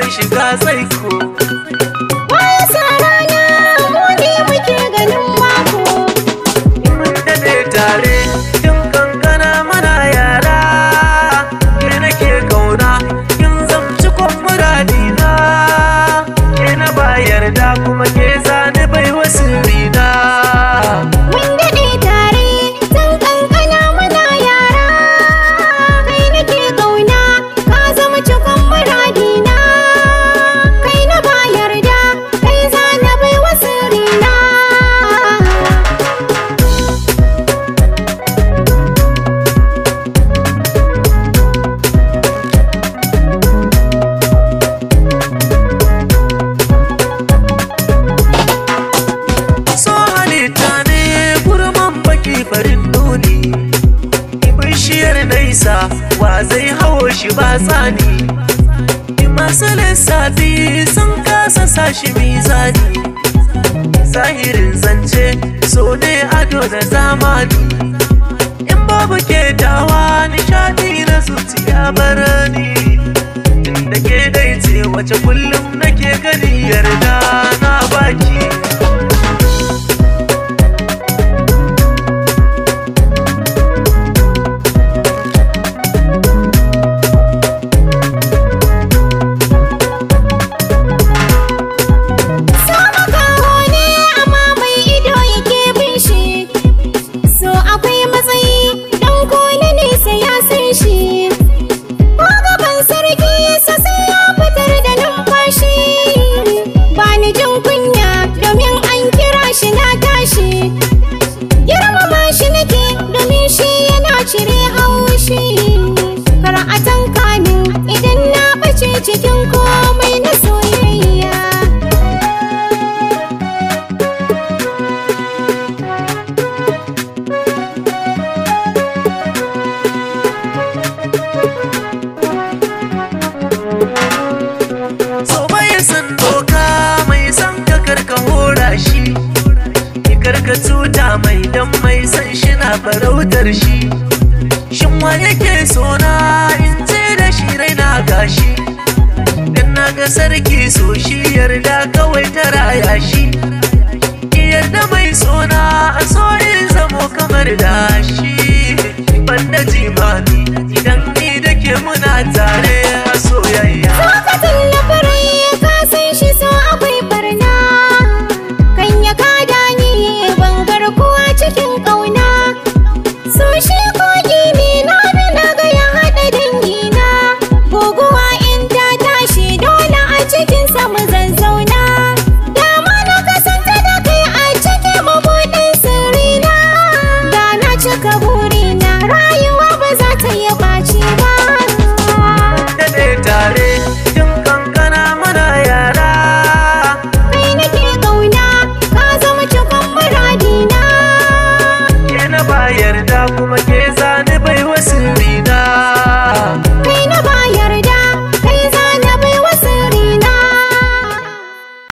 sai shiga sai ku wasa muke ganin mako mun dade tare tun kankana mana yara ke nake kauna kin zamci kwan muradina ke na bayar da kuma ke za nisa wa zai hawo shi ba tsani masu lissafi sun kasa sashi mizani zahirin zance so ne ado da zamani in babu ke dawa nishadi na zuciya barani inda ke dai ce wace kullum nake gani yarda karka cuta mai dan mai san shi na farautar shi shin wa yake sona in ce da shi raina gashi dan na ga sarki so shi yarda kawai ta raya shi ki yarda mai sona a so in zamo kamar da shi ban da jimami idan ni da ke muna tare